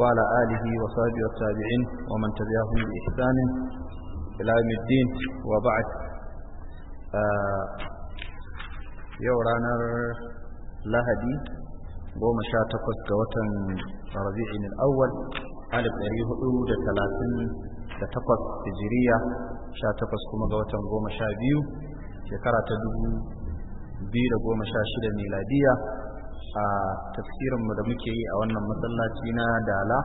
وعلى آله وصحبه والتابعين ومن تبعهم بإحسان إلى يوم الدين وبعد يورانا لهدي goma sha takwas ga watan rabi'in al'awwal alif ɗari hudu da talatin da takwas hijiriya sha takwas kuma ga watan goma sha biyu shekara ta dubu biyu da goma sha shida miladiya a tafsirinmu da muke yi a wannan masallaci na dala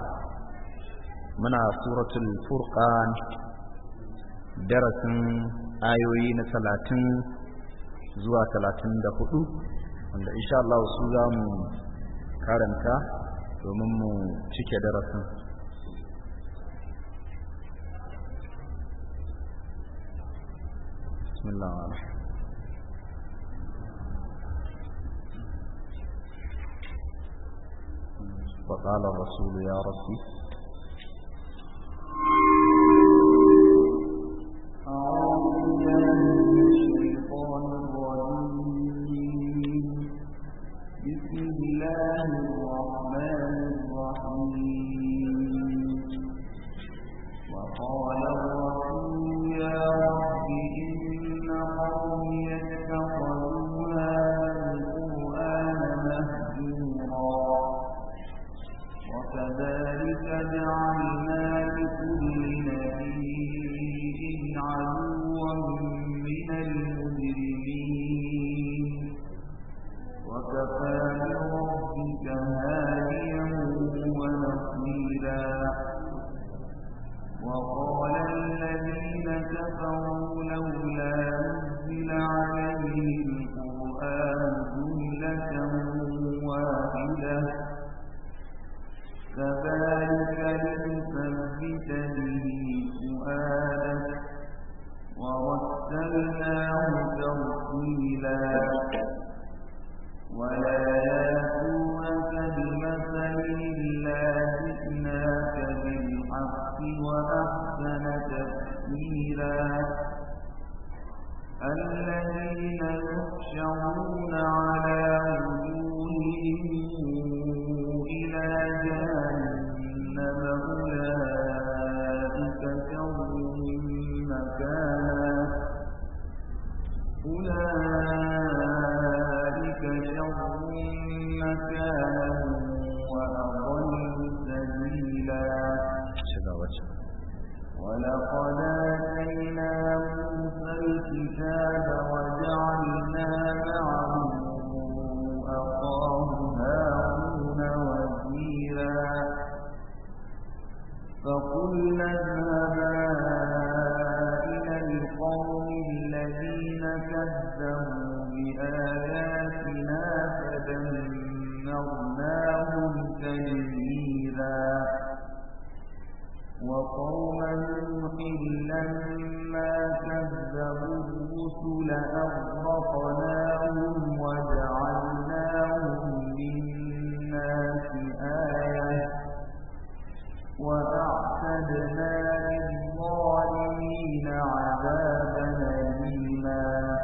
muna suratul furqan darasin ayoyi na talatin zuwa talatin da hudu wanda insha Allah su za mu karanta domin mu cike darasin بسم فقال الرسول يا ربي أعوذ بالله عدوا من المؤمنين قِلًّا لما كَذَّبُوا الرُّسُلَ أَغْرَقْنَاهُمْ وَجَعَلْنَاهُمْ لِلنَّاسِ آيَةً وَأَعْتَدْنَا لِلظَّالِمِينَ عَذَابًا أَلِيمًا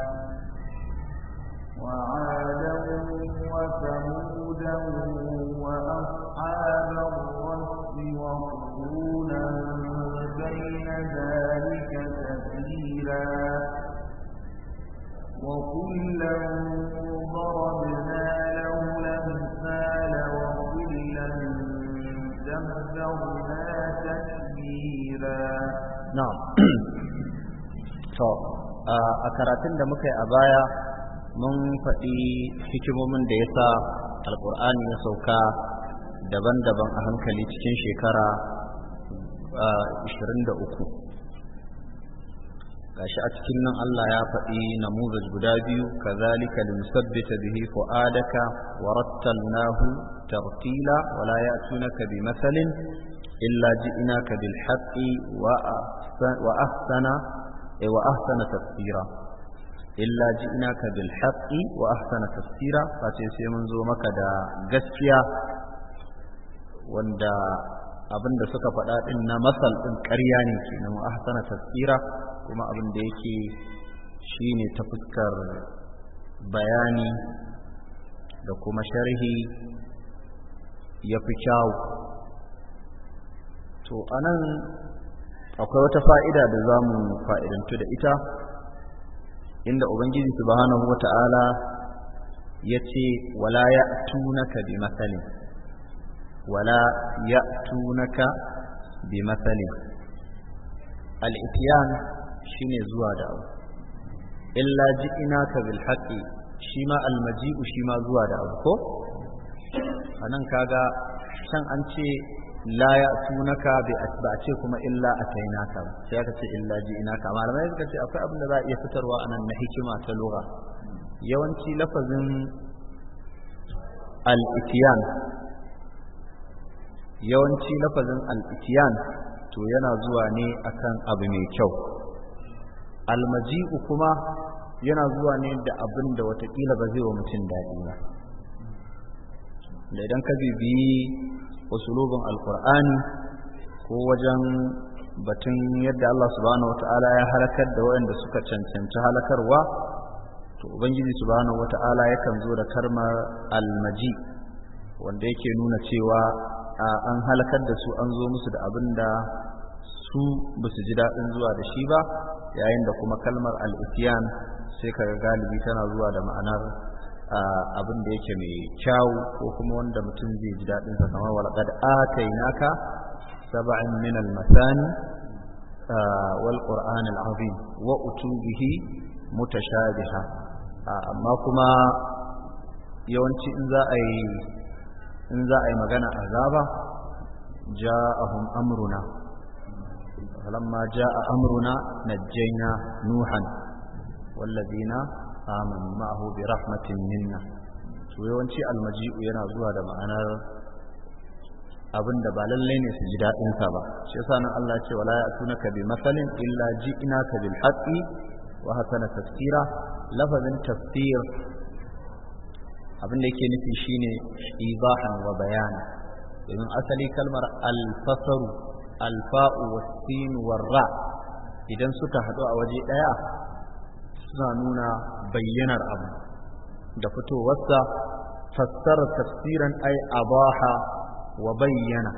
وَعَادًا وثمودا وَأَصْحَابَ الرَّسِّ وَقُرُونًا بين ذلك كثيرا وكلا ضربنا له الأمثال وكلا دمرنا تكبيرا نعم to a karatun da muka yi a baya mun faɗi hikimomin da ya sa alƙur'ani ya sauka daban-daban a hankali cikin shekara 23 gashi a cikin nan Allah ya faɗi namuzaj guda biyu kazalika linusabbita bihi fu'adaka wa rattalnahu tartila wala la ya'tunaka bi masalin illa ji'naka bil haqqi wa ahsana wa ahsana tafsira illa ji'naka bil haqqi wa ahsana tafsira face sai mun zo maka da gaskiya wanda abin da suka faɗa ɗin na masal ɗin ƙarya ne kenan wa hasana tasira kuma abin da yake ne ta fuskar bayani da kuma sharhi ya fi kyawu to a nan akwai wata fa'ida da za mu fa'idantu da ita inda ubangiji subhanahu wata'ala ya ce wala ya tunaka bi matsalin wala ya'tunaka bi mathalin al-ityan shine zuwa da abu illa ji'inaka bil haqqi shi ma al shi ma zuwa da abu ko anan kaga can an ce la ya sunaka ba a ce kuma illa a kainaka sai ce ji malamai suka ce akwai abin da za a iya fitarwa a nan na hikima ta lura yawanci lafazin al yawanci lafazin al to yana zuwa ne akan abu mai kyau almaji'u kuma yana zuwa ne da abin da watakila ba zai wa mutum daɗi ba da idan ka bibiyi usulubin alkur'ani ko wajen batun yadda Allah subhanahu wata'ala ya halakar da waɗanda suka cancanci halakarwa to ubangiji subhanahu wata'ala yakan zo da karmar almaji wanda yake nuna cewa an halakar da su an zo musu da abin da su ba su ji daɗin zuwa da shi ba yayin da kuma kalmar al'isiyan sai kaga galibi tana zuwa da ma'anar abin da yake mai kyawu ko kuma wanda mutum zai ji daɗin sa kamar aka yi naka saba'in min al-masani wal qur'an al-azim wa utubihi mutashabiha amma kuma yawanci in za a yi in za a yi magana azaba ja'ahum amruna falamma a amruna najjayna nuhan wallazina amanu ma'ahu bi rahmatin minna to yawanci almaji'u yana zuwa da ma'anar abin da ba lallai ne su ji daɗin sa ba shi yasa nan Allah ce wala ka bi masalin illa ji'naka bil haqqi wa hasana tafsira lafazin tafsir abin da yake nufi shine ibahan wa bayana domin asali kalmar alfasaru alfa'u wasin warra idan suka haɗu a waje ɗaya suna nuna bayyanar abu da fitowarsa fassara tafsiran ai abaha wa bayyana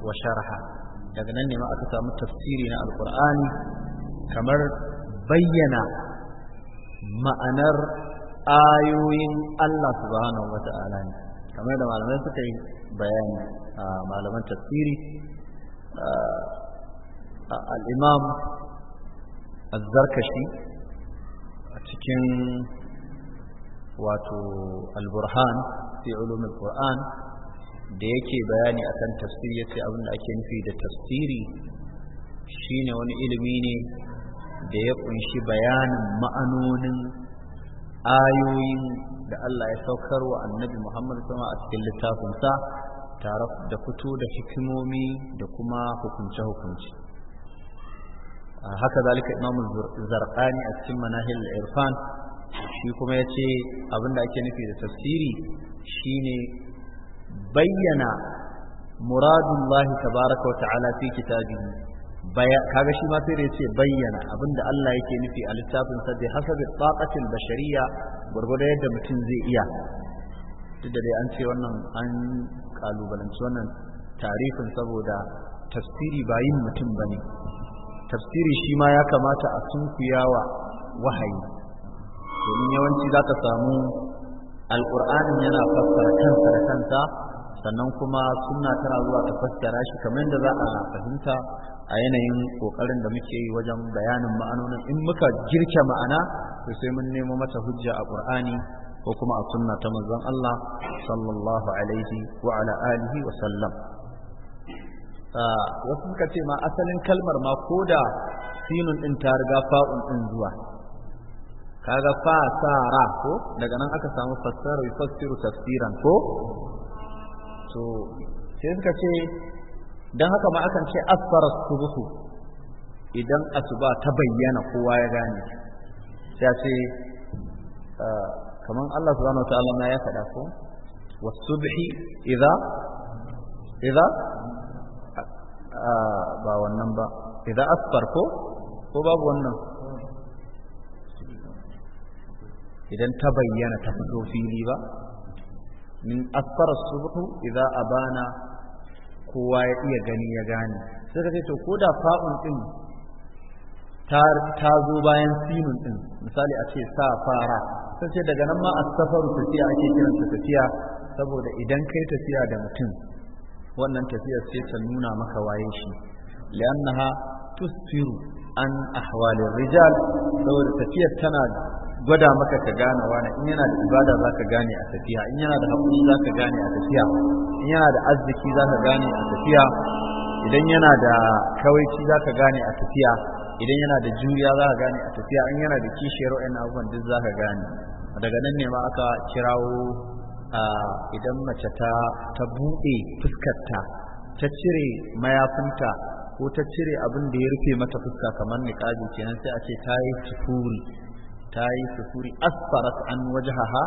wa sharha daga nan ne ma aka samu tafsiri na alkur'ani kamar bayyana ma'anar ayoyin Allah subhanahu ta'ala ne kamar da malamai suka yi bayani a malaman tafsiri al-imam a zarkashi a cikin wato al-burhan fi ulumin al-qur'an da yake bayani akan tafsiri yace abin da ake nufi da tafsiri shine wani ilimi ne da ya kunshi bayanin ma'anonin ayoyin da Allah ya saukar wa annabi Muhammad sama a cikin littafinsa tare da fito da hikimomi da kuma hukunce-hukunce haka zalika imam zarqani a cikin manahil irfan shi kuma ya ce abin da ake nufi da tafsiri shine bayyana muradullahi Allah tabaraka wa ta'ala fi kitabihi kaga shi ma sai da yace bayyana abinda Allah yake nufi a littafin sa da hasabi taqatil bashariya gurgurda yadda mutum zai iya duk da dai an ce wannan an kalubalanci wannan tarihin saboda tafsiri bayin yin mutum bane tafsiri shi ma ya kamata a sunkuyawa wahayi domin yawanci za ka samu alƙur'anin yana fassara kansa da kansa sannan kuma sunna tana zuwa ta fassara shi kamar yadda za a fahimta a yanayin kokarin da muke yi wajen bayanin ma'anonin in muka girke ma'ana to sai mun nemo mata hujja a qur'ani ko kuma a sunna ta manzon Allah sallallahu alaihi wa ala alihi wa sallam ah, wasu suka ce ma asalin kalmar ma koda da sinun din ta riga fa'un din zuwa kaga fa sara ko daga nan aka samu fassara yufassiru tafsiran ko to sai suka ce don haka ma akan ce asfarar subuhu idan asuba ta bayyana kowa ya gane sai a ce ah, kamar Allah subhanahu wataala ma ya faɗa ko wasubhi idza idza ah, ba wannan ba idza asfar ko ko babu wannan idan ta bayyana ta fito fili ba min asfar subhu idza abana kowa ya iya gani ya gane sai ka to ko da fa'un din ta zo bayan sinun din misali a ce sa fara sai ce daga nan ma a safaru tafiya ake kiran ta tafiya saboda idan kai tafiya da mutum wannan tafiyar sai ta nuna maka waye shi li'annaha tusfiru an ahwalir rijal saboda tafiyar tana gwada maka ka gane wani in yana da ibada za ka gane a tafiya in yana da haƙuri za ka gane a tafiya in yana da arziki za ka gane a tafiya idan yana da kawaici za ka gane a tafiya idan yana da juriya za ka gane a tafiya in yana da kishiyar wa'in abubuwan duk za ka gane daga nan ne ma aka kirawo idan mace ta ta buɗe fuskarta ta cire mayafinta ko ta cire abin da ya rufe mata fuska kamar niƙaji kenan sai a ce ta yi tufuri ta yi sufuri asfarat an wajhaha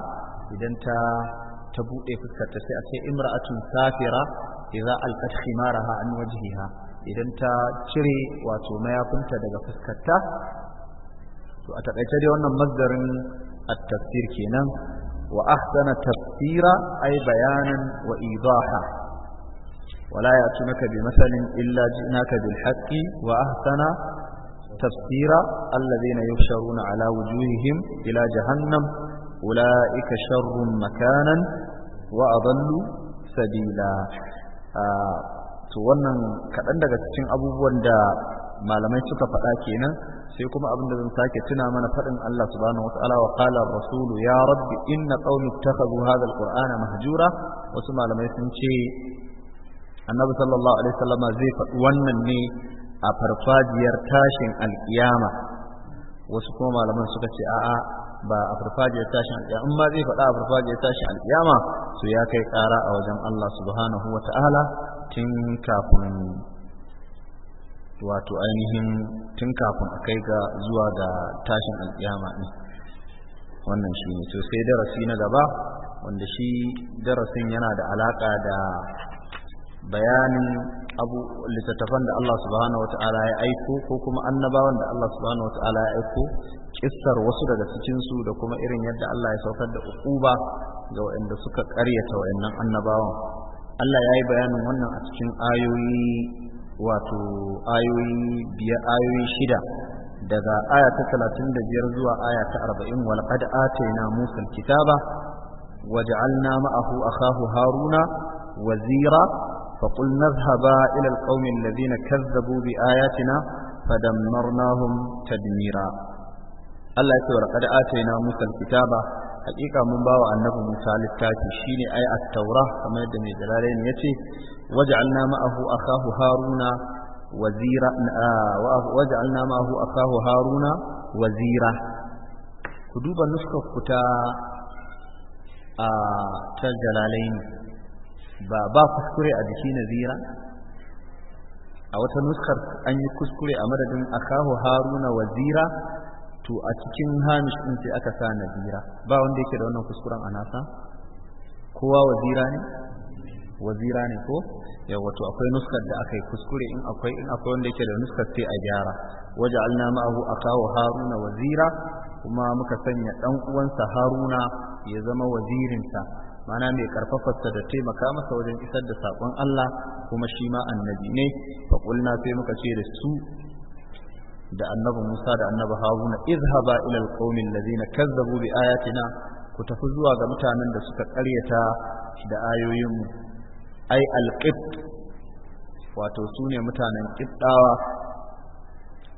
idan ta ta buɗe fuskarta sai a ce imra'atun safira idza alqat maraha an wajhiha idan ta cire wato mayafinta daga fuskarta to a taƙaice dai wannan mazarin at-tafsir kenan wa ahsana tafsira ay bayanan wa idaha wala yatunaka bi masalin illa jinaka bil haqqi wa ahsana tafsira allazina yusharuna ala wujuhihim ila jahannam ulaika sharrun makanan wa sabila to wannan kaɗan daga cikin abubuwan da malamai suka faɗa kenan sai kuma abin da zan sake tuna mana faɗin Allah subhanahu wataala wa qala rasulu ya rabbi inna qaumi ittakhadhu hadha alqur'ana mahjura wasu malamai sun ce annabi sallallahu alaihi wasallam zai faɗi wannan ne a farfajiyar tashin alkiyama wasu kuma malaman suka ce a'a ba a farfajiyar tashin alkiyama in ma zai faɗa a farfajiyar tashin alkiyama to ya kai ƙara a wajen Allah subhanahu wa ta'ala tun kafin wato ainihin tun kafin a kai ga zuwa ga tashin alkiyama ne wannan shi ne to sai darasi na gaba wanda shi darasin yana da alaƙa da bayanin abu littattafan da Allah subhanahu wata'ala ya aiko ko kuma annabawan da Allah subhanahu wata'ala ya aiko kissar wasu daga cikin su da kuma irin yadda Allah ya saukar da ukuba ga waɗanda suka ƙaryata waɗannan annabawan Allah ya yi bayanin wannan a cikin ayoyi wato ayoyi biyar ayoyi shida daga aya ta talatin da biyar zuwa aya ta arba'in walƙad atayna musa kitaba waj'alna ma'ahu akahu haruna wazira فقل نذهبا إلى القوم الذين كذبوا بآياتنا فدمرناهم تدميرا الله يقول قد آتينا موسى الكتابة حقيقة من باوى أنه موسى للتاتي شيني أي التوراة كما يدني جلالين يتي وجعلنا معه أخاه هارون وزيرا آه وجعلنا معه أخاه هارون وزيرا كدوب نسخة كتا آه تجلالين ba ba kuskure a jiki nazira a wata nuskar an yi kuskure a madadin akahu haruna wazira to a cikin hamish din sai aka sa nazira ba wanda yake da wannan kuskuren a nasa kowa wazira ne wazira ne ko yawa to akwai nuskar da aka yi kuskure in akwai in akwai wanda yake da nuskar sai a gyara waje alna ma'ahu akahu haruna wazira kuma muka sanya dan uwansa haruna ya zama wazirinsa mana mai karfafarsa da taimaka masa wajen isar da sakon Allah kuma shi ma annabi ne fa kulna sai muka ce da su da annabi Musa da annabi Haruna izhaba ila alqawmi alladhina kazzabu bi ayatina ku tafi zuwa ga mutanen da suka ƙaryata da ayoyinmu ai alqit wato su mutanen kiddawa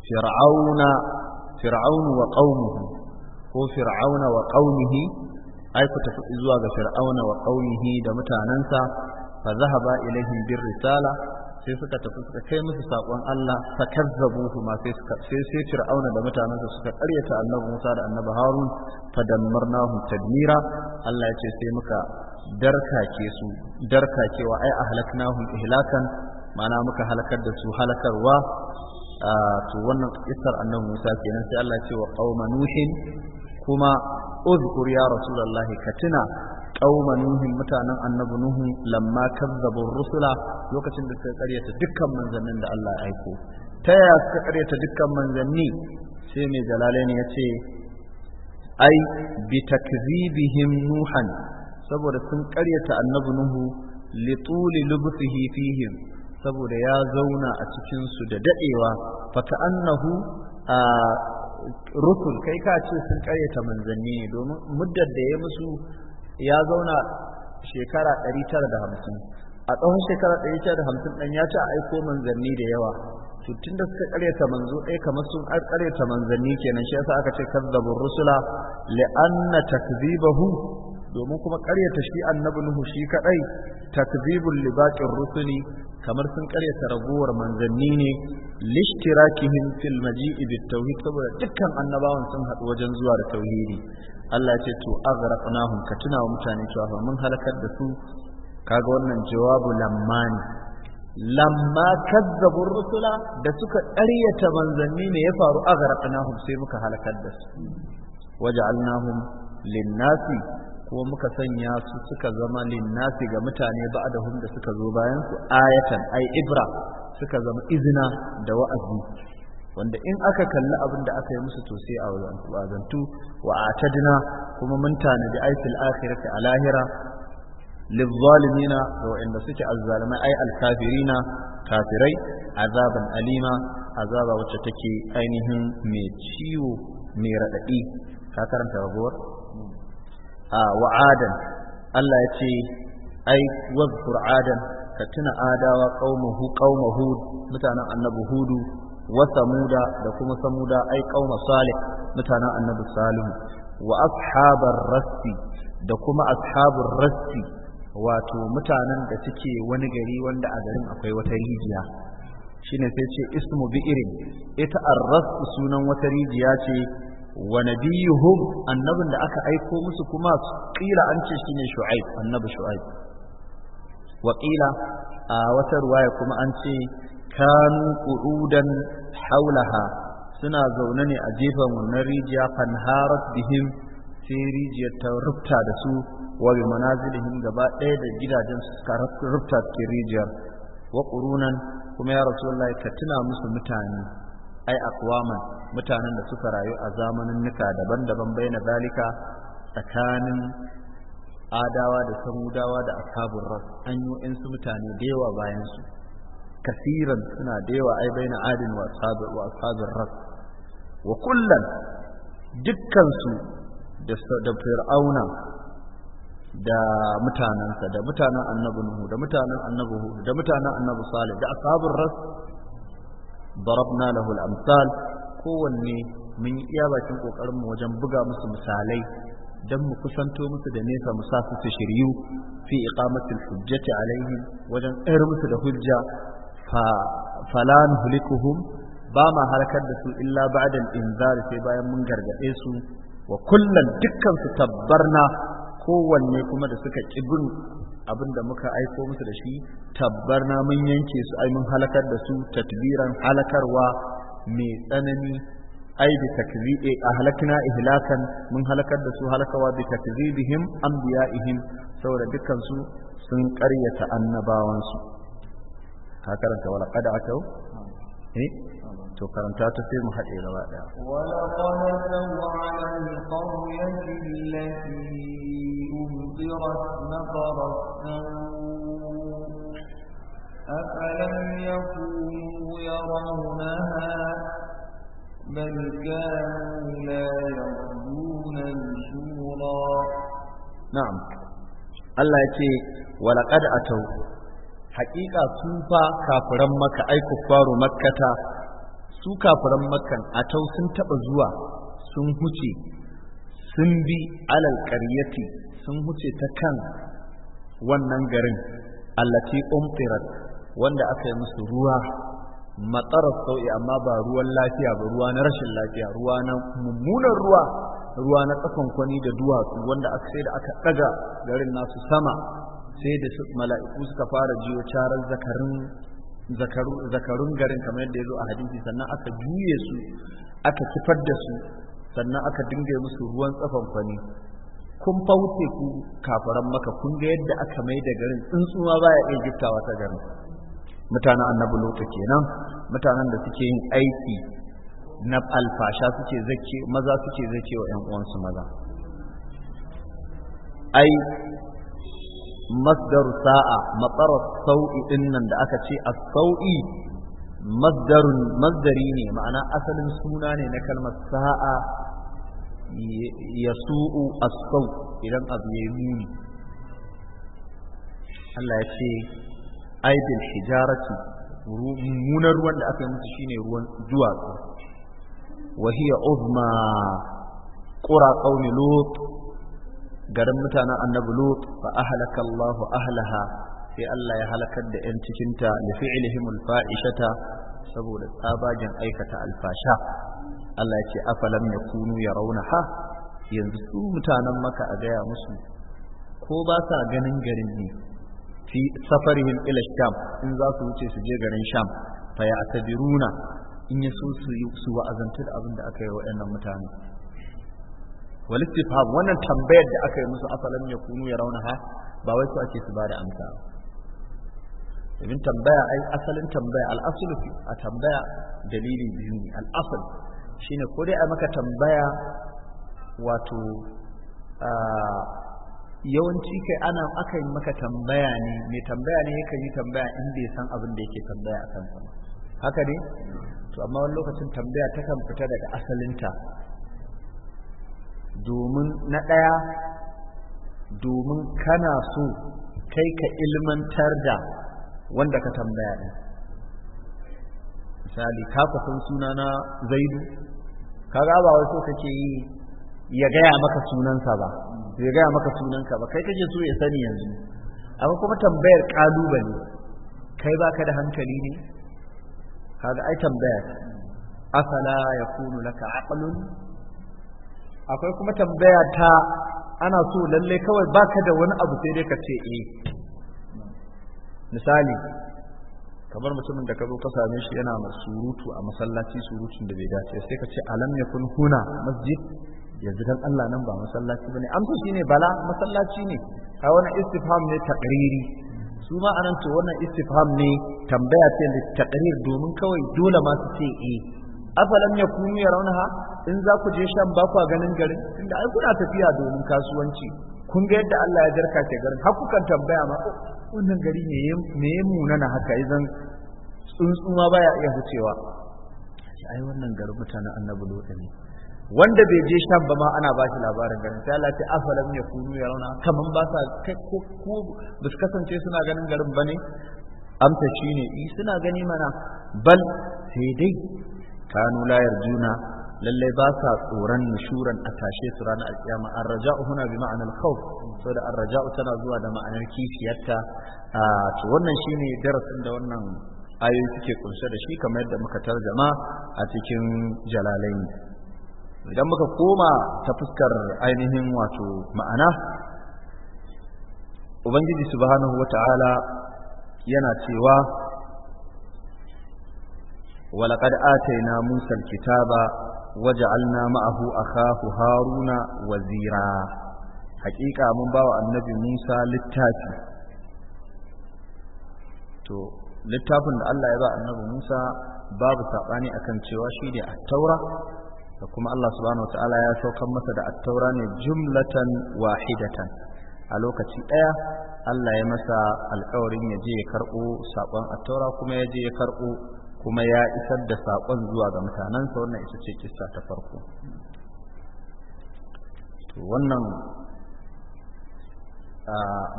fir'auna fir'aunu wa qaumuhu ko fir'auna wa qaumihi ai ku tafi zuwa ga fir'auna wa qaumihi da mutanansa fa zahaba ilaihim bir risala sai suka tafi suka kai musu sakon Allah fa kazzabu ma sai suka sai sai fir'auna da mutanansa suka karyata annabi Musa da annabi Harun fa dammarnahum tadmira Allah ya ce sai muka darkake su darkakewa ai ahlaknahum ihlakan ma'ana muka halakar da su halakarwa ah, to wannan kissar annabi Musa kenan sai Allah ya ce wa qauma nuhin kuma uzkur ya rasulullahi ka tuna nuhin mutanen annabi nuhu lamma kazzabu rusula lokacin da suka karyata dukkan manzannin da Allah ya aiko ta ya suka karyata dukkan manzanni sai mai jalalaini ya ce ai bi takzibihim nuhan saboda sun karyata annabi nuhu lituli lubthihi fihim saboda ya zauna a cikin su da dadewa fa ka'annahu rusul kai ka ce sun karyata manzanni ne domin muddar da ya musu ya zauna shekara 950 a tsawon shekara 950 dan ya ci a aiko manzanni da yawa to tunda suka karyata manzo ɗaya kamar sun karyata manzanni kenan shi yasa aka ce kazzabur rusula li'anna takzibahu domin kuma karyata shi annabi nuhu shi kadai takzibul libaqir rusuli kamar sun karyata ragowar manzanni ne lishtirakihim fil maji'i bit tauhid saboda dukkan annabawan sun haɗu wajen zuwa da tauhidi Allah ce to aghraqnahum ka tuna wa mutane cewa mun halakar da su kaga wannan jawabu lammani lamma kazzabu rusula da suka ƙaryata manzanni ne ya faru aghraqnahum sai muka halakar da su waja'alnahum linnasi ko muka sanya su suka zama linnasi ga mutane ba da suka zo bayan su ayatan ai ibra suka zama izina da wa'azi wanda in aka kalli abin da aka yi musu to sai a wazantu wa atadna kuma mun tanadi da fil akhirati a lahira lizzalimina da inda suke azzalimai ai alkafirina kafirai azaban alima azaba wacce take ainihin mai ciwo mai radadi ka karanta rabuwar wa adan Allah ya ce ai wazkur adan ka tuna adawa qaumahu qaumahu mutanen annabi hudu wa samuda da kuma samuda ai qauma salih mutanen annabi salihu wa ashabar rasti da kuma ashabar rasti wato mutanen da suke wani gari wanda a garin akwai wata rijiya shine sai ce ismu bi irin ita rasu sunan wata rijiya ce wa nabiyuhum annabin da aka aiko musu kuma kila an ce shine shu'aib annabi shu'aib wa kila a wata ruwaya kuma an ce kanu qududan haulaha suna zaune ne a jefan wannan rijiya fanharat bihim sai rijiyar ta rubta da su wa bi manazilihim gaba ɗaya da gidajen su suka rubta cikin rijiyar wa qurunan kuma ya rasulullahi ka tuna musu mutane ai akwaman mutanen da suka rayu a zamanin nuka daban-daban bayyana zalika tsakanin adawa da samudawa da ashabur ras an yi su mutane da yawa bayan su kasiran suna da yawa ai bayyana adin wa ashabur ras wa kullan dukkansu da fir'auna da mutanensa da mutanen annabi nuhu da mutanen annabi hudu da mutanen annabi salih da ashabur ras darabna lahu al-amsal kowanne mun yi iya bakin kokarin mu wajen buga musu misalai dan mu kusanto musu da nesa mu sa su shiryu fi iqamati hujjati alaihim wajen tsayar musu da hujja fa fala nuhlikuhum ba ma halakar da su illa ba'da al-inzar sai bayan mun gargade su wa kullan dukkan su tabbarna kowanne kuma da suka ƙi bin abin da muka aiko musu da shi tabbar na mun yanke su ai mun halakar da su tatbiran halakarwa mai tsanani ai bi takzibi eh, ahlakna ihlakan mun halakar da su halakawa bi takzibihim anbiya'ihim saboda dukkan su sun ƙaryata annabawansu ka karanta wala qad atau eh to karanta ta sai mu haɗe gaba ɗaya wala qala ala al allati umtirat nafarat afalam yakunu yarawnaha بل كانوا لا يرجون نشورا نعم الله يتي ولقد أتوا حقيقة سوفا كافرا مكة أي كفار مكة su kafiran makkan tau sun taɓa zuwa sun huce sun bi alal ƙaryati sun huce ta kan wannan garin allati umtirat wanda aka yi musu ruwa matsarar sau'i amma ba ruwan lafiya ba ruwa na rashin lafiya ruwa na mummunan ruwa ruwa na tsakon kwani da duwatsu wanda aka sai da aka ɗaga garin nasu sama sai da mala'iku suka fara jiyo carar zakarin zakarun garin kamar yadda ya zo a hadisi sannan aka juye su aka kifar da su sannan aka dinga musu ruwan tsafan fani kun fauce ku kafaran maka kun ga yadda aka mai da garin tsuntsuwa baya iya giftawa ta garin mutanen annabi lota kenan mutanen da suke yin aiki na alfasha suke zake maza suke zake wa 'yan uwansu maza ai masdar sa'a matsara sau'i ɗinnan da aka ce as-sau'i masdari ne ma'ana asalin suna ne na kalmar sa'a yasu'u as-sau idan abu Allah ya ce aibin hijarati munar ruwan da aka yi musu shine ruwan zuwa wa hiya uzma qura lut garin mutanen annabi lut fa ahlaka Allahu ahlaha sai Allah ya halakar da yan cikinta da fi'lihim al-fa'ishata saboda tsabajin aikata alfasha Allah ya ce afalam yakunu ha, yanzu su mutanen maka a gaya musu ko ba sa ganin garin ne fi safarihim ila sham in za su wuce su je garin sham fa ya'tabiruna in yaso su yi su wa'azantar abin da aka yi wa mutane wal wannan tambayar da aka yi musu asalan ya kunu ya raunaha ba wai su ake su ba da amsa domin tambaya ai asalin tambaya al'asulu a tambaya dalili biyu ne al'asul shine ko dai a maka tambaya wato yawanci kai ana aka yi maka tambaya ne mai tambaya ne yakan yi tambaya in bai san abin da yake tambaya a kansa haka ne to amma wani lokacin tambaya takan fita daga asalinta domin na ɗaya domin kana so kai ka ilmantar da wanda ka tambaya ɗin misali ka san suna na zaidu kaga ba wai so kake yi ya gaya maka sunansa ba ya gaya maka sunanka ba kai kake so ya sani yanzu amma kuma tambayar ƙalubale. kai baka da hankali ne kaga ai tambaya ya kunu laka aqlun akwai kuma tambaya ta ana so lalle kawai baka da wani abu sai dai ka ce eh misali kamar mutumin da ka zo ka same shi yana surutu a masallaci surutun da bai dace sai ka ce alam yakun huna masjid yanzu dan Allah nan ba masallaci bane amsa shine bala masallaci ne a wannan istifham ne takriri su ma anan to wannan istifham ne tambaya ce da domin kawai dole ma su ce eh afalam yakunu yarawnaha in za ku je shan ba ku ganin garin Inda ai kuna tafiya domin kasuwanci kun ga yadda Allah ya jarka ke garin har kukan tambaya ma oh, wannan gari me me munana haka idan tsuntsuma baya iya hucewa ai wannan garin mutanen annabi lota ne wanda bai je shan ba ma ana bashi labarin garin sai Allah ya afalam yakunu yarawna kaman ba sa ko ko ba su kasance suna ganin garin bane amsa shine i eh, suna gani mana bal sai dai kanu la yarjuna lallai ba sa tsoron nishuran a tashe su ranar alkiyama arraja'u huna bi ma'anar khawf da arraja'u tana zuwa da ma'anar kishiyarta to wannan shine darasin da wannan ayoyi suke kunshe da shi kamar yadda muka tarjama a cikin jalalain idan muka koma ta fuskar ainihin wato ma'ana ubangiji subhanahu wata'ala yana cewa ولقد آتينا موسى الكتاب وجعلنا معه أخاه هارون وزيرا حقيقة من باوى النبي موسى للتاتي تو littafin da Allah ya ba annabi Musa babu saɓani a kan cewa shine ne attaura da kuma Allah subhanahu ta'ala ya saukan masa da attaura ne jumlatan wahidatan a lokaci ɗaya Allah ya masa alƙawarin ya je ya karɓo saƙon attaura kuma ya je ya karɓo kuma ya isar da saƙon zuwa ga mutanensa wannan ita ce kissa ta farko wannan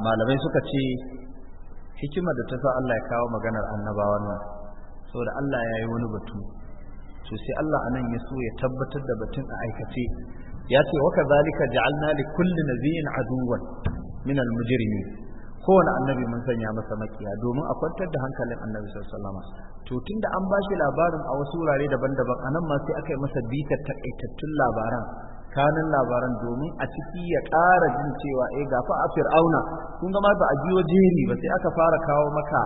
malamai suka ce hikimar da ta sa Allah ya kawo maganar annabawan nan saboda Allah ya yi wani batu to sai Allah anan ya so ya tabbatar da batun a aikace ya ce waka zalika ja'alna li kulli nabiyyin aduwan min al-mujrimin kowane annabi mun sanya masa makiya domin a kwantar da hankalin annabi sallallahu to tun da an ba shi labarin a wasu wurare daban-daban anan ma sai aka yi masa bitar takaitattun labaran kanin labaran domin a ciki ya ƙara jin cewa eh gafa a fir'auna kun ga ba a biyo jeri ba sai aka fara kawo maka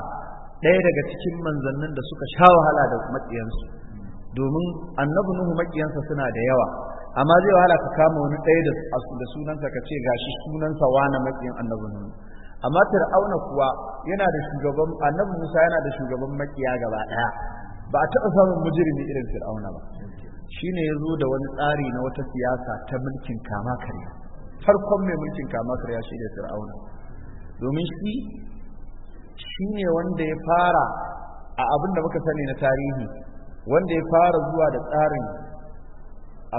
ɗaya daga cikin manzannin da suka sha wahala da maƙiyansu domin annabi nuhu maƙiyansa suna da yawa amma zai wahala ka kama wani ɗaya da sunansa ka ce gashi sunansa wani maƙiyin annabi nuhu amma fir'auna kuwa yana da shugaban annabi Musa yana da shugaban makiya gaba daya ba a taɓa samun mujrimi irin fir'auna ba shine yazo da wani tsari na wata siyasa ta mulkin kama karya farkon mai mulkin kama karya shi da fir'auna domin shi shine wanda ya fara a abin da muka sani na tarihi wanda ya fara zuwa da tsarin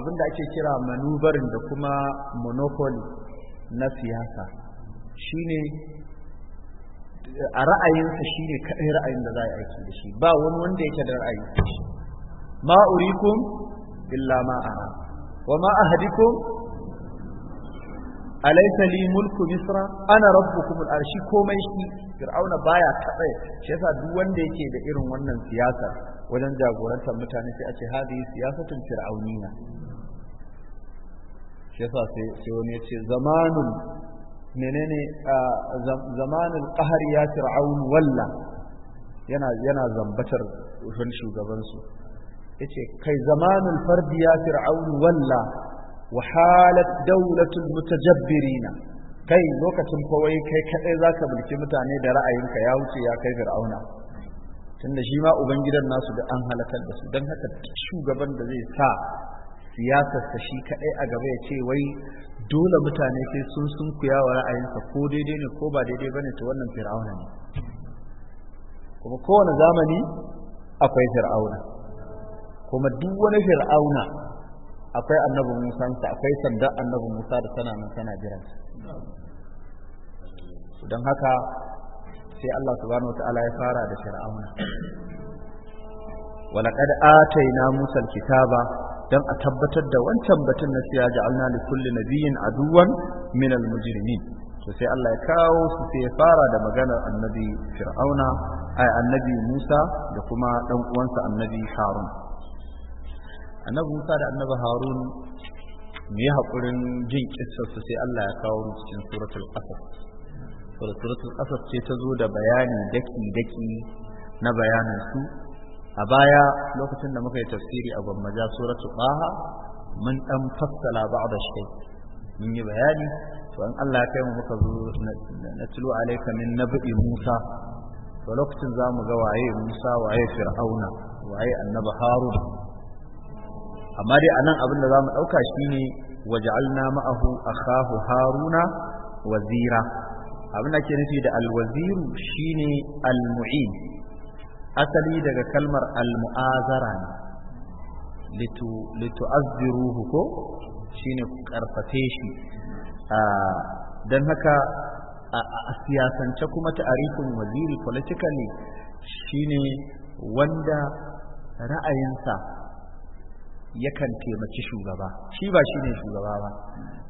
abin da ake kira manubarin da kuma monopoly na siyasa shine a ra'ayinsa shine kaɗai ra'ayin da za a aiki da shi ba wani wanda yake da ra'ayi ma urikum illa ma ara wa ma ahadikum alaysa li mulku misra ana rabbukum al-arshi komai shi fir'auna baya taɓa shi yasa duk wanda yake da irin wannan siyasa wajen jagorantar mutane sai a ce hadhihi siyasatun fir'auniya shi yasa sai wani ya ce zamanun menene zamanin ƙahar ya fir'aun walla yana zambatar wani shugabansu ce kai zamanin fardi ya fir'aun walla wa halat dawlatul mutajabbirina kai lokacin kawai kai kadai ka mulki mutane da ra'ayinka ya wuce ya kai fir'auna tunda shi ma ubangidan nasu da an halakar da su don haka shugaban da zai sa siyasarsa shi kaɗai a gaba ya ce wai dole mutane sai sun sun kuya wa ra'ayinsa ko daidai ne ko ba daidai bane to wannan fir'auna ne kuma kowane zamani akwai fir'auna kuma duk wani fir'auna akwai annabi Musa sa akwai sanda annabi Musa da tana nan tana jiran don haka sai Allah subhanahu wataala ya fara da fir'auna ولقد atayna موسى kitaba. don a tabbatar da wancan batun na siya ja'alna li kulli nabiyyin aduwan min al mujrimin to sai Allah ya kawo su sai ya fara da maganar annabi fir'auna a annabi Musa da kuma dan uwansa annabi Harun annabi Musa da annabi Harun mu yi haƙurin jin su sai Allah ya kawo cikin suratul ƙasar, suratul ƙasar ce ta zo da bayani daki daki na bayanin su a baya lokacin da muka yi tafsiri a gwammaja suratu baha mun dan fassala da shi mun yi bayani to an Allah ya kai mu muka zo na tulu alayka min nabi Musa to lokacin za mu ga waye Musa waye Fir'auna waye annabi Harun amma dai anan abin da za mu ɗauka shine waj'alna ma'ahu akhahu Haruna wazira abin da ke nufi da alwaziru shine almu'in asali daga kalmar al-mu'azara ne litu'azziruhu ko shine karfafe shi don haka a siyasance kuma ta'arifin waziri politically shine wanda ra'ayinsa yakan taimaki shugaba shi ba shi ne shugaba ba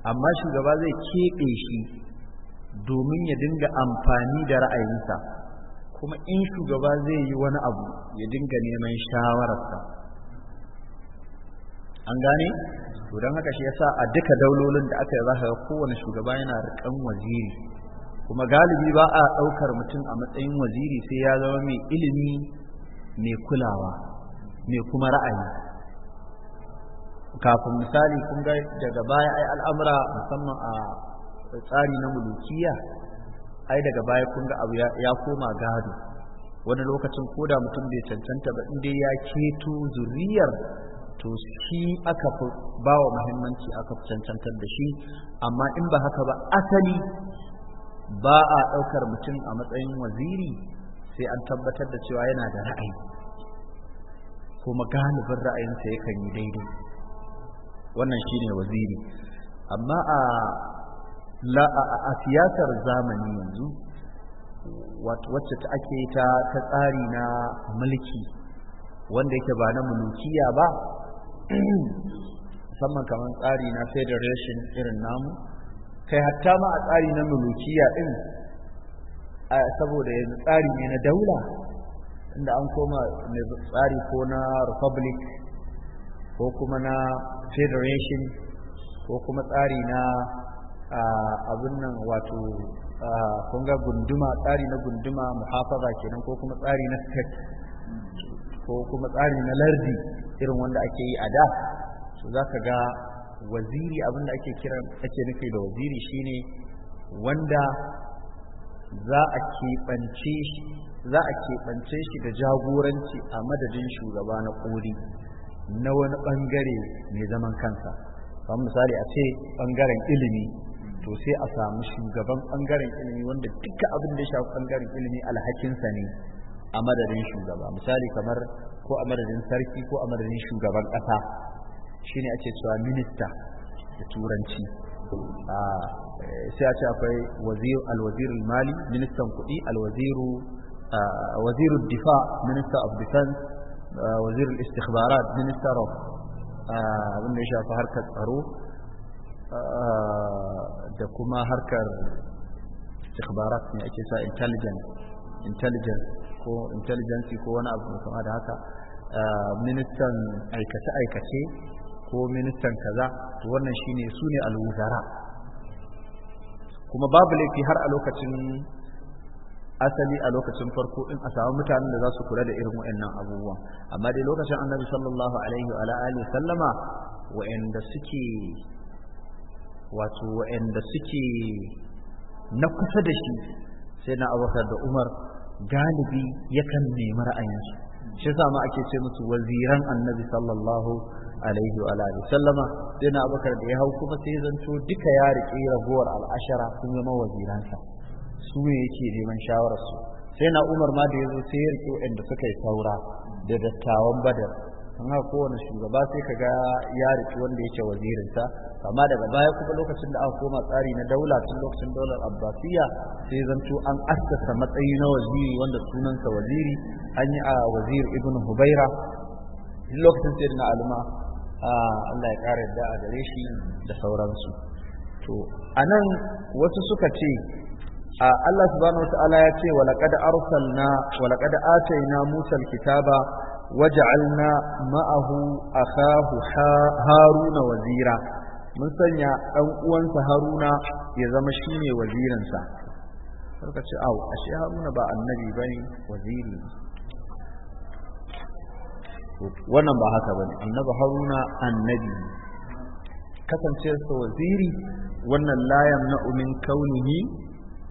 amma shugaba zai keɓe shi domin ya dinga amfani da ra'ayinsa kuma in shugaba zai yi wani abu ya dinga neman shawararsa an gane to don haka shi yasa a duka daulolin da aka yi za ga kowane shugaba yana rikan waziri kuma galibi ba a ɗaukar mutum a matsayin waziri sai ya zama mai ilimi mai kulawa mai kuma ra'ayi kafin misali kun ga daga baya ai al'amura musamman a tsari na mulkiya? ai daga baya kun ga abu ya koma gado wani lokacin koda mutum bai cancanta ba inda ya keto zuriyar to shi aka fi ba wa muhimmanci aka fi cancantar da shi amma in ba haka ba asali ba a ɗaukar mutum a matsayin waziri sai an tabbatar da cewa yana da ra'ayi kuma galibin ra'ayinsa yakan yi daidai wannan shine waziri amma a la a siyasar zamani yanzu wacce ta ake ta ta tsari na mulki wanda yake ba na mulkiya ba musamman kamar tsari na federation irin namu kai hatta ma a tsari na mulkiya din saboda yanzu tsari ne na daula inda an koma tsari ko na republic ko kuma na federation ko kuma tsari na abin nan wato kun ga gunduma tsari na gunduma muhafaza kenan ko kuma tsari na state ko kuma tsari na lardi irin wanda ake yi a da so za ka ga waziri abin da ake kira ake nufi da waziri shine wanda za a keɓance za a keɓance shi da jagoranci a madadin shugaba na ƙori na wani ɓangare mai zaman kansa kamar misali a ce ɓangaren ilimi to sai a samu shugaban ɓangaren ilimi wanda duka abin da ya shafi ɓangaren ilimi alhakinsa ne a madadin shugaba misali kamar ko a madadin sarki ko a madadin shugaban ƙasa shine ake cewa minista da turanci eh, sai a ce akwai alwazir mali ministan kuɗi alwaziru waziru difa minister of defense wazirul istikhbarat minister of abin da ya shafi harkar tsaro da kuma harkar ikhbarat ne ake sa intelligence intelligence ko intelligence ko wani abu kuma da haka ah, ministan aikace-aikace ko ministan kaza to wannan shine su ne alwuzara kuma babu laifi har a lokacin asali a lokacin farko in a samu mutanen da za su kula da irin wa'annan abubuwan amma dai lokacin annabi sallallahu alaihi wa alihi sallama wa'anda suke wato waɗanda suke na kusa da shi sai na abubakar da umar galibi yakan nemi ra'ayinsu shi yasa ma ake ce musu waziran annabi sallallahu alaihi wa alihi sallama sai na abubakar da ya hau kuma sai zanto duka ya riƙe ragowar al'ashara sun zama waziransa su ne yake neman shawararsu sai na umar ma da ya zo sai ya riƙe waɗanda suka yi saura da dattawan badar don haka kowane shugaba sai ka ga ya riki wanda yake wazirinsa amma daga baya kuma lokacin da aka koma tsari na daula tun lokacin daular abbasiya sai zanto an assasa matsayi na waziri wanda sunansa waziri an yi a wazir ibn hubaira lokacin sai na alima. Allah ya ƙara yadda a gare shi da sauransu to a nan wasu suka ce Allah subhanahu wa ta'ala ya ce wa laqad arsalna wa atayna Musa kitaba waja'alna ma'ahu akahu haruna wazira mun sanya ɗan uwansa haruna ya zama shine wazirinsa suka ce au ashe haruna ba annabi waziri wannan ba haka ne, annabi haruna annabi sa waziri wannan layan na umin kaunihi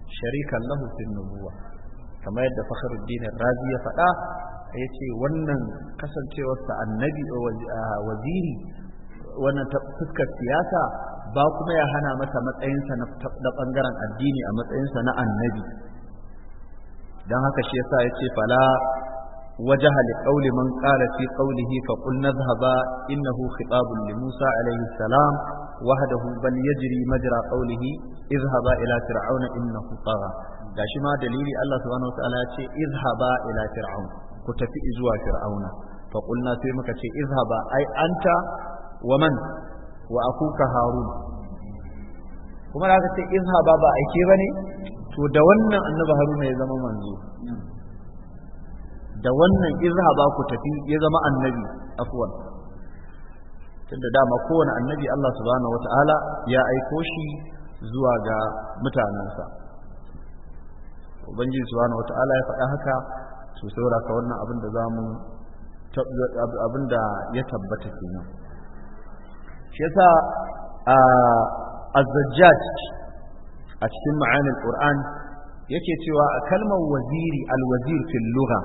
sharikan lahu fil nubuwa kamar yadda fakhruddin razi ya faɗa ya ce wannan kasancewarsa annabi waziri wannan fuskar siyasa ba kuma ya hana masa matsayinsa na bangaren addini a matsayinsa na annabi don haka shi yasa ya ce fala وجه لقول من قال في قوله فقل نذهب إنه خطاب لموسى عليه السلام وحده بل يجري مجرى قوله اذهبا إلى فرعون إنه طغى gashi ma dalili Allah subhanahu wa ta'ala ya ce izhaba ila fir'aun ku tafi zuwa fir'auna fa qulna sai muka ce izhaba ai anta wa man wa akuka harun kuma da aka ce izhaba ba aike bane to da wannan annabi haruna ya zama manzo da wannan izhaba ku tafi ya zama annabi afwan tunda dama kowane annabi Allah subhanahu wata'ala ya aiko shi zuwa ga mutanensa ubangiji subhanahu wata'ala ya faɗa haka Su saura ka wannan abin da za mu abin da ya tabbata nan shi yasa a zajjaj a cikin ma'anin qur'an yake cewa a kalmar waziri alwazir fil lugha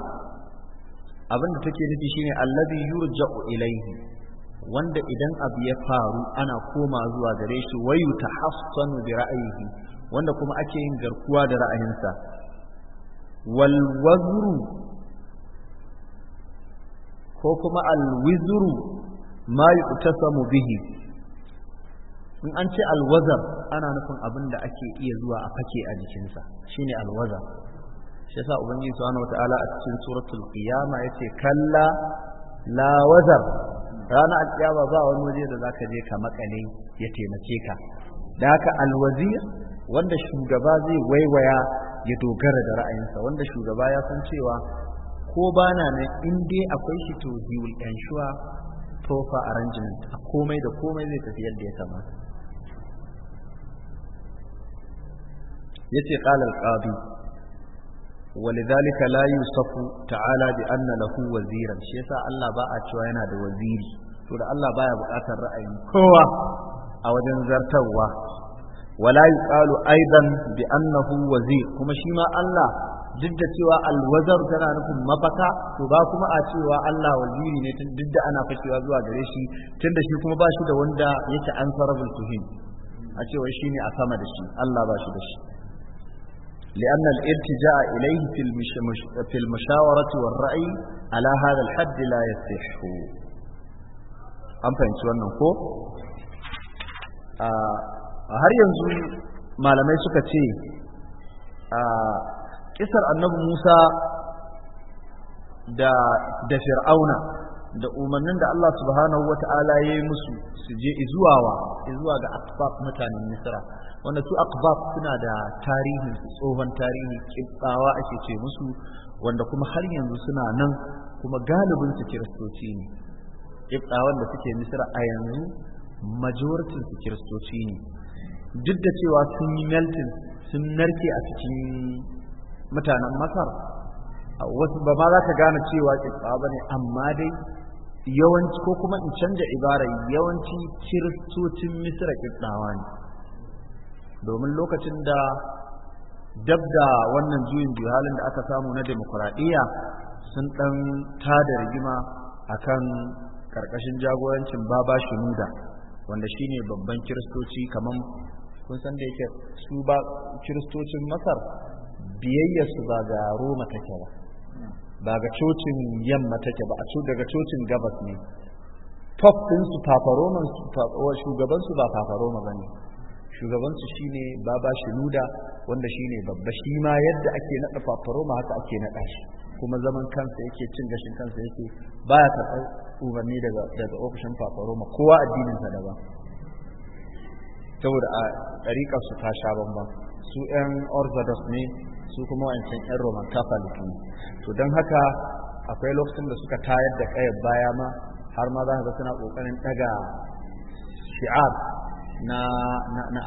abin da take nufi shine allazi yurja'u ilayhi wanda idan abu ya faru ana koma zuwa gare shi wayu tahassanu bi ra'ayihi wanda kuma ake yin garkuwa da ra'ayinsa walwazru ko kuma alwizru ma yuqtasamu bihi in an ce alwazar ana nufin abin da ake iya zuwa a fake a jikinsa shine alwazar shi yasa ubangiji subhanahu wataala a cikin suratul qiyama yace kalla lawazar. wazar rana alkiyama ba wani waje da zaka je ka makale ya taimake ka da haka alwazir wanda shugaba zai waiwaya ya dogara da ra'ayinsa wanda shugaba ya san cewa ko ba na nan in dai akwai shi to he will ensure proper arrangement a komai da komai zai tafi yadda ya kamata yace qala al-qadi ولذلك ta'ala يوصف تعالى بأن له وزيرا شيء Allah ba a cewa yana da waziri to da Allah baya buƙatar ra'ayin kowa a wajen zartarwa wala yuqalu aidan bi annahu wazir kuma shi ma Allah duk da cewa alwazar tana nufin mafaka to ba kuma a cewa Allah waziri ne duk da ana fashewa zuwa gare shi tun da shi kuma ba shi da wanda yake ansarabul tuhim a cewa shi ne a sama da shi Allah ba shi da shi لأن الالتجاء إليه في المشاورة والرأي على هذا الحد لا يصح أم فهمت wannan ko har yanzu malamai suka ce a kisar annabi Musa da da fir'auna da umarnin da Allah subhanahu wata'ala ya yi musu su je wa izuwa ga akbab mutanen misra wanda su akbab suna da tarihi tsohon tarihi kibbawa ake ce musu wanda kuma har yanzu suna nan kuma galibin su kiristoci ne kibbawan da suke misra a yanzu majoritin su kiristoci ne duk da cewa sun yi melting sun narke a cikin mutanen masar wasu ba ma za ka gane cewa kitsa ba ne amma dai yawanci ko kuma in canja ibara yawanci kiristocin misra kitsawa ne domin lokacin da dab da wannan juyin halin da aka samu na demokuraɗiyya sun ɗan ta da rigima a kan ƙarƙashin jagorancin baba shinuda wanda shine babban kiristoci kamar kun san da yake su ba kiristocin masar biyayyarsu ba ga roma take ba ba ga cocin yamma take ba a daga cocin gabas ne top ɗinsu papa shugabansu ba papa roma ba ne shugabansu shine baba nuda wanda shine babba shi ma yadda ake naɗa papa haka ake naɗa shi kuma zaman kansa yake cin gashin kansa yake baya karɓar umarni daga daga ofishin papa roma kowa addininsa daban saboda a ɗariƙar su ta sha bambam su 'yan orthodox ne su kuma wancan 'yan roman catholic ne to don haka akwai lokacin da suka tayar da ƙayar baya ma har ma za ka ga suna ƙoƙarin ɗaga shi'ar na,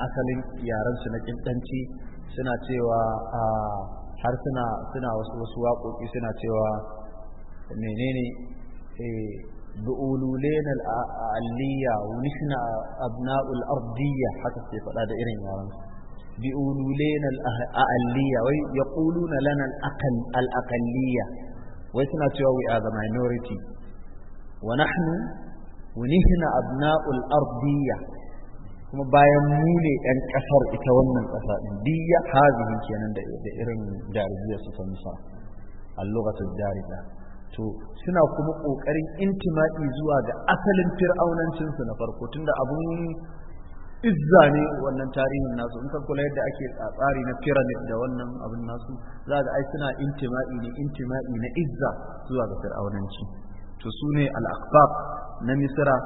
asalin yarensu na ƙintanci suna cewa har suna wasu waƙoƙi suna cewa menene eh, بقولوا لنا الأعلية ونحن أبناء الأرضية حتى استيقظ هذا إرين لنا الأقلية ويقولون لنا الأقل الأقلية ويسنا تواوي هذا minority ونحن ونحن أبناء الأرضية kuma بايموني أن ne إتوانا ƙasar دية هذه هي أن دائرين hazihin kenan da irin jaribiyar to suna kuma ƙoƙarin intima'i zuwa ga asalin fir'aunancinsu na farko tunda abun izza ne wannan tarihin nasu in san kula yadda ake tsatsari na pyramid da wannan abin nasu za ga ai suna intima'i ne intima'i na izza zuwa ga fir'aunanci to su ne al-aqbab na misra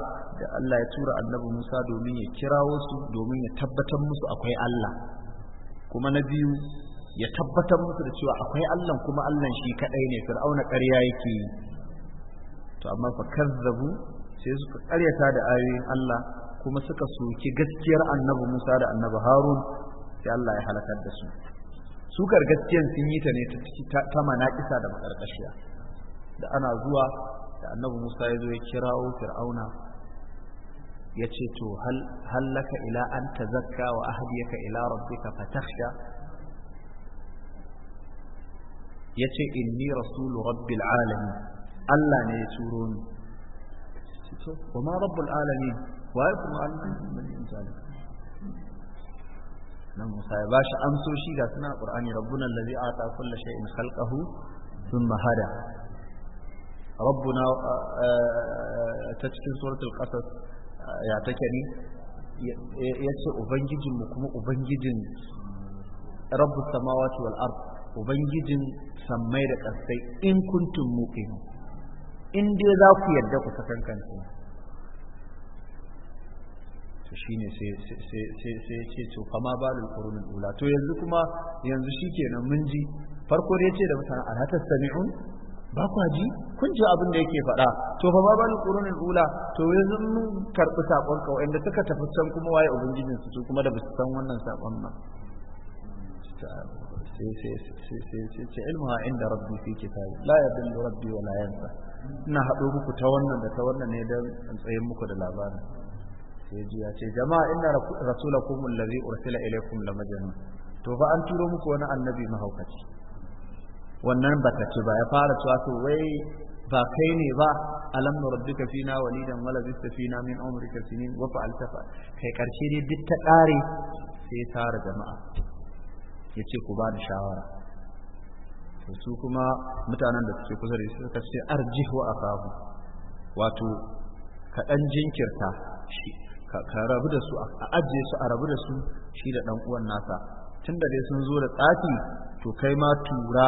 da Allah ya tura annabi Musa domin ya kirawo su domin ya tabbatar musu akwai Allah kuma na biyu ya tabbatar musu da cewa akwai Allah kuma Allah shi kadai ne fir'auna ƙarya yake yi to amma fa kazzabu sai suka ƙaryata da ayoyin Allah kuma suka soki gaskiyar annabi Musa da annabi Harun sai Allah ya halakar da su su gargaskiyar sun yi ta ne ta manaƙisa da makarƙashiya da ana zuwa da annabi Musa ya zo ya kirawo fir'auna ya ce to hallaka ila an tazakka wa ahdiyaka ila rabbika fatakhsha ya ce inni rasulu rabbil alamin Allah ne ya turo ni wa ma rabbul alamin waye kuma Allah ne ya nan Musa ya bashi amsoshi ga suna Qur'ani rabbuna allazi ata kulli shay'in khalqahu thumma hada rabbuna ta cikin suratul qasas ya take ni yace ubangijin mu kuma ubangijin rabbus samawati wal ard ubangijin sammai da ƙasai in kuntum muqinu in dai za ku yarda ku kanku to shine sai sai sai sai ce to fama balul qurunul ula to yanzu kuma yanzu shikenan mun ji farko dai ce da mutane ala sami'un ba ku ji kun ji abin da yake faɗa to fa ma bani qurunul ula to yanzu mun karɓi sakon ka wanda suka tafi can kuma waye ubangijin su kuma da bisu san wannan sakon nan sai ce ilmuha inda rabbi fi kitabi la yadullu rabbi wa la yansa ina haɗo muku ta wannan da ta wannan ne don tsayin muku da labarin sai ji ya ce jama'a inna rasulakum allazi ursila ilaykum la majnun to fa an turo muku wani annabi mahaukaci wannan baka ce ba ya fara cewa to wai ba kai ne ba alam rabbika fina walidan wala bista fina min umrika sinin wa fa'alta fa kai karshe ne duk ta ƙare sai tara jama'a ya ce ku ba da shawara su kuma mutanen da suke kusa da su suka ce arjih wa akahu wato ka dan jinkirta shi ka rabu da su a ajiye su a rabu da su shi da dan uwan nasa tun da dai sun zo da tsafi to kai ma tura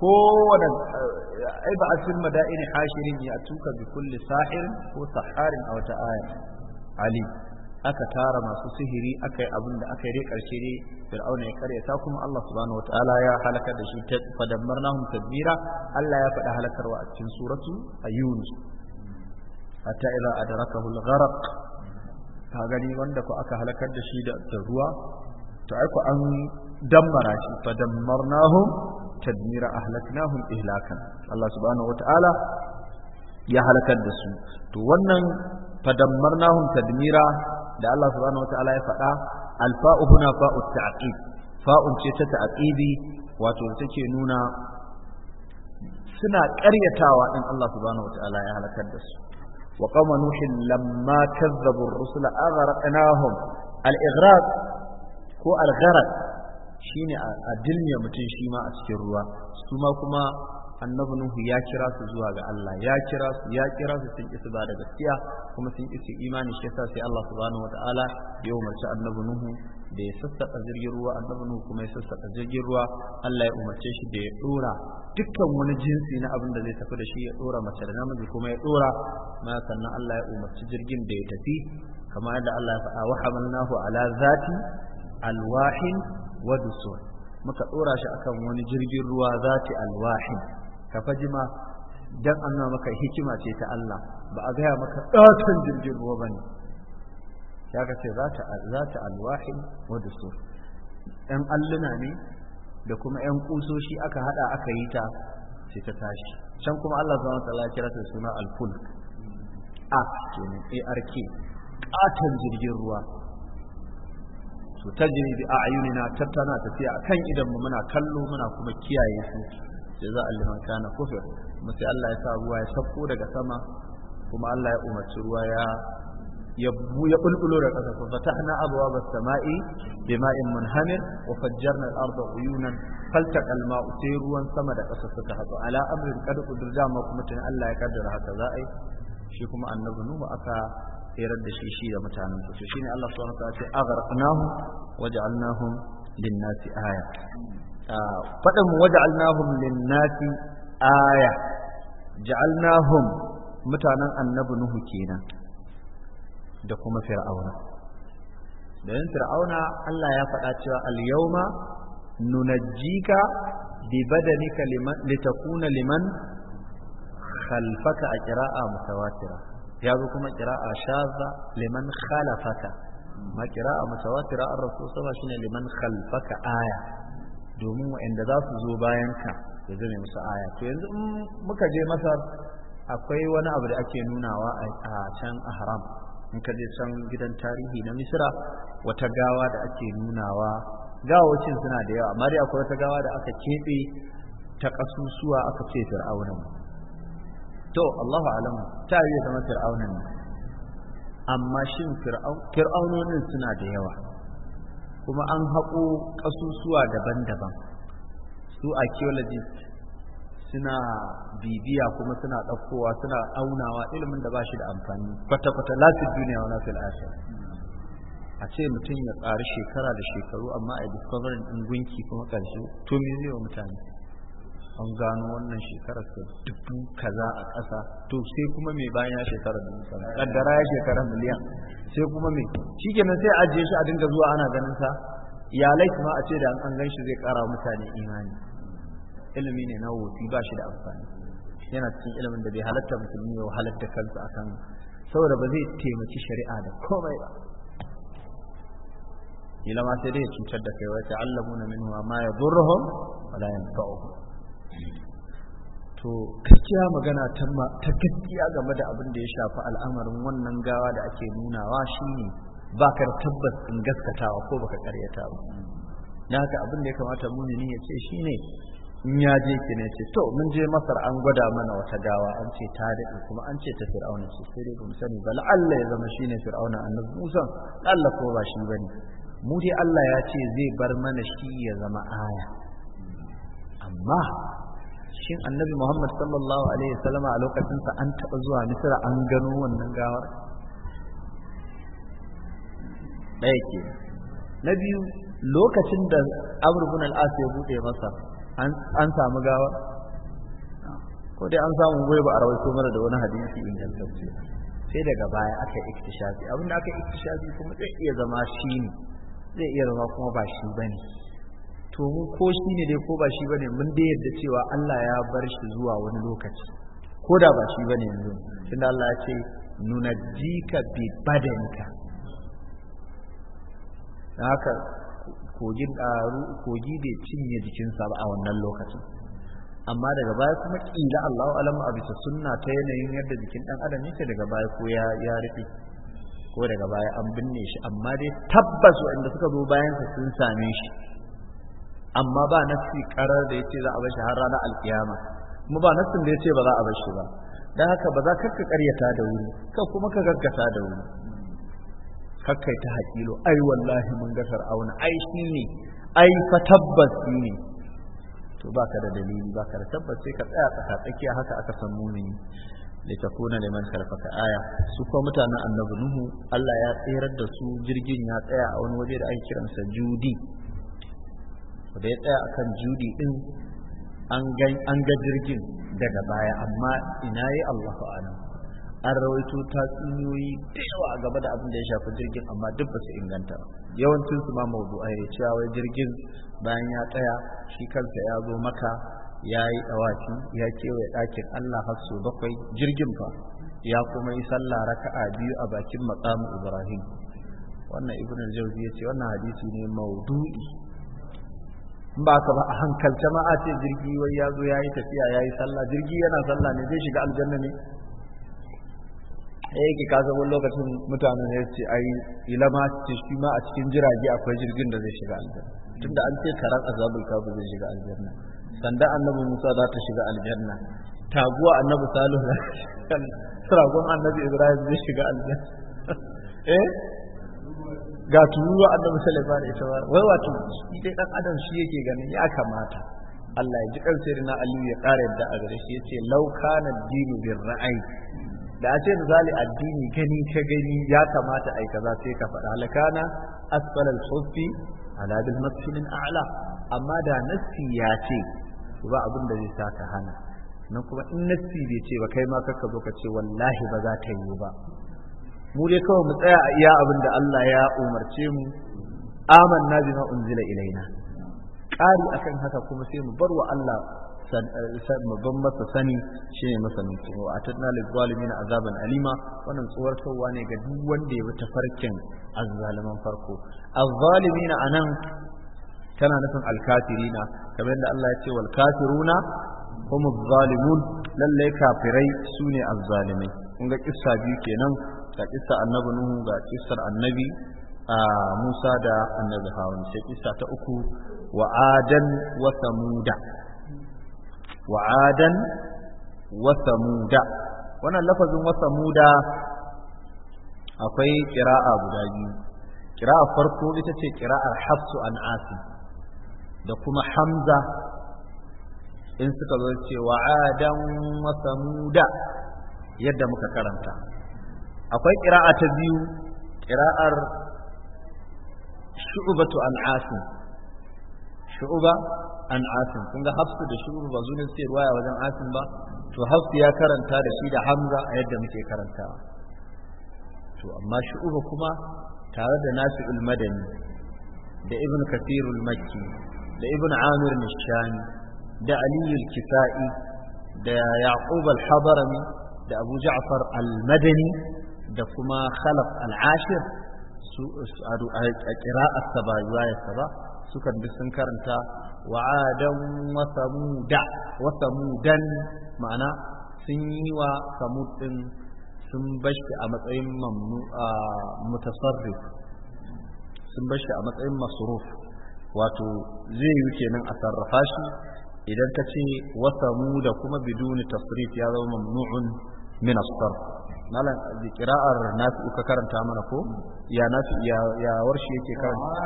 ko kowane eh, ai ba a cin mada'ini hashirin ya tuka bi kulli sahir ko a wata aya ali aka tara masu sihiri aka yi abin da aka yi dai karshe dai fir'auna ya karyata kuma Allah subhanahu wataala ya halakar da shi ta fadammarnahum tadbira Allah ya faɗa halakarwa a cikin suratu a Yunus hatta idza adrakahu al-gharq ka gani wanda ko aka halakar da shi da ruwa to ai an dammara shi fadammarnahum tadmira ahlaknahum ihlakan Allah subhanahu wataala ya halakar da su to wannan fadammarnahum tadmira da Allah subhanahu wataala ya faɗa alfa'u huna fa'u ta'qib fa'un ce ta ta'qibi wato take nuna suna ƙaryatawa in Allah subhanahu wataala ya halakar da su wa qauma nuhin lamma kazzabu ar-rusula aghraqnahum al-ighraq ko al-gharq shine a dilmiya mutum shi ma a cikin ruwa su ma kuma annabi nuhu ya kira su zuwa ga Allah ya kira su ya kira su sun isa ba da gaskiya kuma sun isa imani shi yasa sai Allah subhanahu wataala ya umarci annabi nuhu da ya sassaka jirgin ruwa annabi nuhu kuma ya sassaka jirgin ruwa Allah ya umarce shi da ya dora dukkan wani jinsi na abin da zai tafi da shi ya dora mace da namiji kuma ya dora ma sannan Allah ya umarci jirgin da ya tafi kamar yadda Allah ya faɗa wa hamalnahu ala zati alwahin wa dusur muka dora shi akan wani jirgin ruwa zati alwahin ka faji dan an nuna maka hikima ce ta Allah ba a gaya maka ɗatan jirgin ruwa ba ne ya ka ce za ta alwahin wa dusur ‘yan alluna ne da kuma ‘yan kusoshi aka haɗa aka yi ta ce ta tashi can kuma Allah zuwa wata ya kira ta suna alful a kenan ark ƙaton jirgin ruwa su ta jini bi a na tattana tafiya a kan mu muna kallo muna kuma kiyaye su jaza'an liman kana kufir kuma sai Allah ya sa ruwa ya sakko daga sama kuma Allah ya umarci ruwa ya ya bulbulo da ƙasa fa fatahna abwaab as-sama'i bima'in munhamir wa fajjarna al-arda uyunan faltaqa al-ma'u sai ruwan sama da ƙasa suka haɗu ala amrin qad qudir dama kuma tun Allah ya kaddara haka za a yi shi kuma annabi nuhu aka tsirar da shi shi da mutanen su shine Allah subhanahu wa ta'ala ya ce aghraqnahum waja'alnahum lin-nasi aya faɗin waja'alnahum lin-nasi aya ja'alnahum mutanen annabi nuhu kenan da kuma fir'auna dan fir'auna Allah ya faɗa cewa al-yawma nunajjika bi badanika liman litakuna liman khalfaka a qira'a mutawatira ya zo kuma qira'a shaza liman khalafaka ma qira'a mutawatira ar-rasul sallallahu alaihi wasallam liman khalfaka aya domin waɗanda za su zo bayan ka da zane musu aya to yanzu muka je masar akwai wani abu da ake nunawa a can a haram in ka je can gidan tarihi na misira wata gawa da ake nunawa gawocin suna da yawa amma dai akwai wata gawa da aka keɓe ta ƙasusuwa aka ce fir'aunan to Allahu alam ta yi zama fir'aunan amma shin fir'aunonin suna da yawa kuma an haƙo ƙasusuwa daban-daban su archaeologist suna bibiya kuma suna ɗaukowa suna aunawa ilimin da ba shi da amfani kwata-kwata lafi duniya wani fil a ce mutum ya tsari shekara da shekaru amma a discovering ɗin gunki kuma ƙarshe to zai wa mutane an gano wannan shekarar sa dubu kaza a ƙasa to sai kuma mai bayan ya shekarar dubu kaza kaddara ya shekarar miliyan sai kuma mai shikenan sai ajiye shi a dinga zuwa ana ganin sa iyalai ma a ce da an gan shi zai ƙara mutane imani ilimi ne na wofi ba shi da amfani yana cikin ilimin da bai halatta musulmi ya halatta kansa kan saboda ba zai taimaki shari'a da komai ba ila ma sai dai cutar da kai wata allamuna minhu ma yadurruhum wala yanfa'uhum to gaskiya magana ta gaskiya game da abin da ya shafi al'amarin wannan gawa da ake nunawa shine ba ka da tabbas in gaskatawa ko baka karyata ba na haka abin da ya kamata mumini ya ce shine in ya je ki ne ce to mun je masar an gwada mana wata gawa an ce ta daɗe kuma an ce ta fir'auna ce sai dai kuma sani ba la'alla ya zama shine fir'auna annabi musa la'alla ko ba shi bane mu dai Allah ya ce zai bar mana shi ya zama aya amma shin annabi muhammad sallallahu alaihi wasallam a lokacinsa an taɓa zuwa misira an gano wannan gawar ɗaya ke na biyu lokacin da amr bin al'as ya buɗe masa an samu gawar? ko dai an samu goyi ba a rawaito mara da wani hadisi ingantacce sai daga baya aka yi iktishafi abinda aka yi iktishafi kuma zai iya zama shi ne zai iya zama kuma ba shi bane to mu ko shi ne dai ko ba shi bane mun dai yadda cewa Allah ya bar shi zuwa wani lokaci ko da ba shi bane yanzu tunda Allah ya ce nunajjika bi badanka haka kogin kogi bai cinye jikinsa ba a wannan lokacin amma daga baya kuma kila Allahu alam a bisa sunna ta yanayin yadda jikin dan adam yake daga baya ko ya ya rufe ko daga baya an binne shi amma dai tabbas wanda suka zo bayan sun same shi amma ba nassi karar da yace za a bar shi har ranar alkiyama kuma ba nassin da yace ba za a bar shi ba dan haka ba za ka karyata da wuri ka kuma ka gaggata da wuri kakkai ta hakilo ai wallahi mun ga fir'auna ai shi ne ai fa tabbas ne to baka da dalili baka da tabbas sai ka tsaya tsaka tsakiya haka aka san mumini da ta kuna liman karfaka aya su kuma mutanen annabi nuhu Allah ya tsirar da su jirgin ya tsaya a wani waje da ake kiransa judi da ya tsaya a kan judi din an ga jirgin daga baya amma ina yi Allahu alam an rawaito tatsuniyoyi da yawa a gaba da abin da ya shafi jirgin amma duk ba su inganta yawancin su ma a ya cewa wai jirgin bayan ya tsaya shi kansa ya zo maka ya yi dawaki ya kewaye ɗakin Allah har bakwai jirgin fa ya kuma yi sallah raka'a biyu a bakin maqam Ibrahim wannan ibnu al-jawzi yace wannan hadisi ne maudu'i ba ka ba a hankalce ma a ce jirgi wai ya zo ya yi tafiya ya yi sallah jirgi yana sallah ne zai shiga aljanna ne ya eh, yake kasa wani lokacin mutane ne ce ai ilama ce shi ma a cikin jirage akwai jirgin da zai shiga aljanna tunda an ce karan azabul kafir zai shiga aljanna sanda annabi musa za ta shiga aljanna taguwa annabi salihu saragon annabi ibrahim zai shiga aljanna eh ga turuwa annabi sallallahu alaihi wasallam wai wato shi dai dan adam shi yake ganin ya kamata Allah ya ji kan na Aliyu ya ƙara yadda a gare shi yace law kana dinu bir ra'ayi da a ce misali addini gani ka gani ya kamata ai kaza sai ka faɗa halakana asfalal khuffi ala bil masjidil a'la amma da nassi ya ce ba abin da zai ka hana nan kuma in nassi bai ce ba kai ma kaka zo ka ce wallahi ba za ta yi ba mu dai kawai mu tsaya a iya abin da Allah ya umarce mu amanna bima unzila ilaina ƙari akan haka kuma sai mu bar wa Allah babban masa sani shi ne masanin tsoro a tattana lizzalimina azaban alima wannan tsoratarwa ne ga duk wanda ya bi tafarkin azzaliman farko azzalimina anan tana nufin alkafirina kamar yadda Allah ya ce wal kafiruna hum zalimun lalle kafirai sune azzalimai kun ga kissa biyu kenan ga kisa annabi nuhu ga kisar annabi musa da annabi harun sai kissa ta uku wa adan wa samuda wa adan wa samuda wannan lafazin wa samuda akwai kira'a guda biyu kira'a farko ita ce kira'ar hafsu an asi da kuma hamza in suka zo cewa adan wa samuda yadda muka karanta akwai ƙira'a ta biyu ƙira'ar shu'ubatu an shu'uba an kun ga hafsu da shu'uba ba zuwa suke ruwaya wajen asin ba to hafsu ya karanta da shi da hamza a yadda muke karantawa to amma shu'uba kuma tare da nasi'ul madani da ibn kathirul makki da ibn amir nishani da Aliyu kisa'i da yaqub al da abu ja'far al-madani da kuma khalaf al'ashir su a kira'ar sa ba riwayarsa ba sukan bi sun karanta wa'adan wa samuda wa samudan ma'ana sun yi wa samud din sun bashi a matsayin mutasarrif sun bashi a matsayin masruf wato zai yi kenan a sarrafa shi idan ka ce wa samuda kuma biduni tasrif ya zama mamnu'un min as-sarf malam da kira'ar nafi uka karanta mana ko ya nafi ya ya warshi yake karanta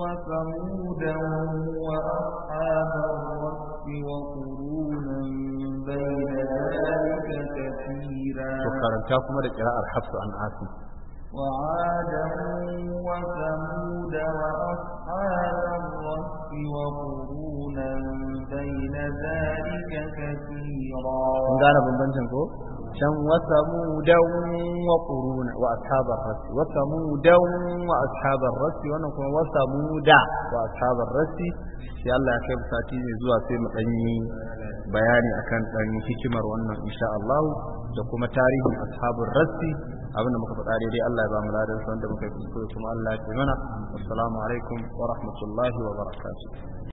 wa samudan wa ashabar rasi wa qurunan bayna dalika kathira to karanta kuma da kira'ar hafsu an asim وعادا وثمود وأصحاب الرس وقرونا بين ذلك كثيرا دعنا بمبنتن كو شن وثمودا وقرونا وأصحاب الرس وثمودا وأصحاب الرس ونقول وثمودا وأصحاب الرس sai Allah ya kai sati ne zuwa sai mu ɗanyi bayani akan ɗan hikimar wannan insha Allah da kuma tarihin ashabun rassi abinda muka faɗa daidai Allah ya ba mu ladan san da muka yi kuskure kuma Allah ya taimana assalamu alaikum wa rahmatullahi wa barakatuh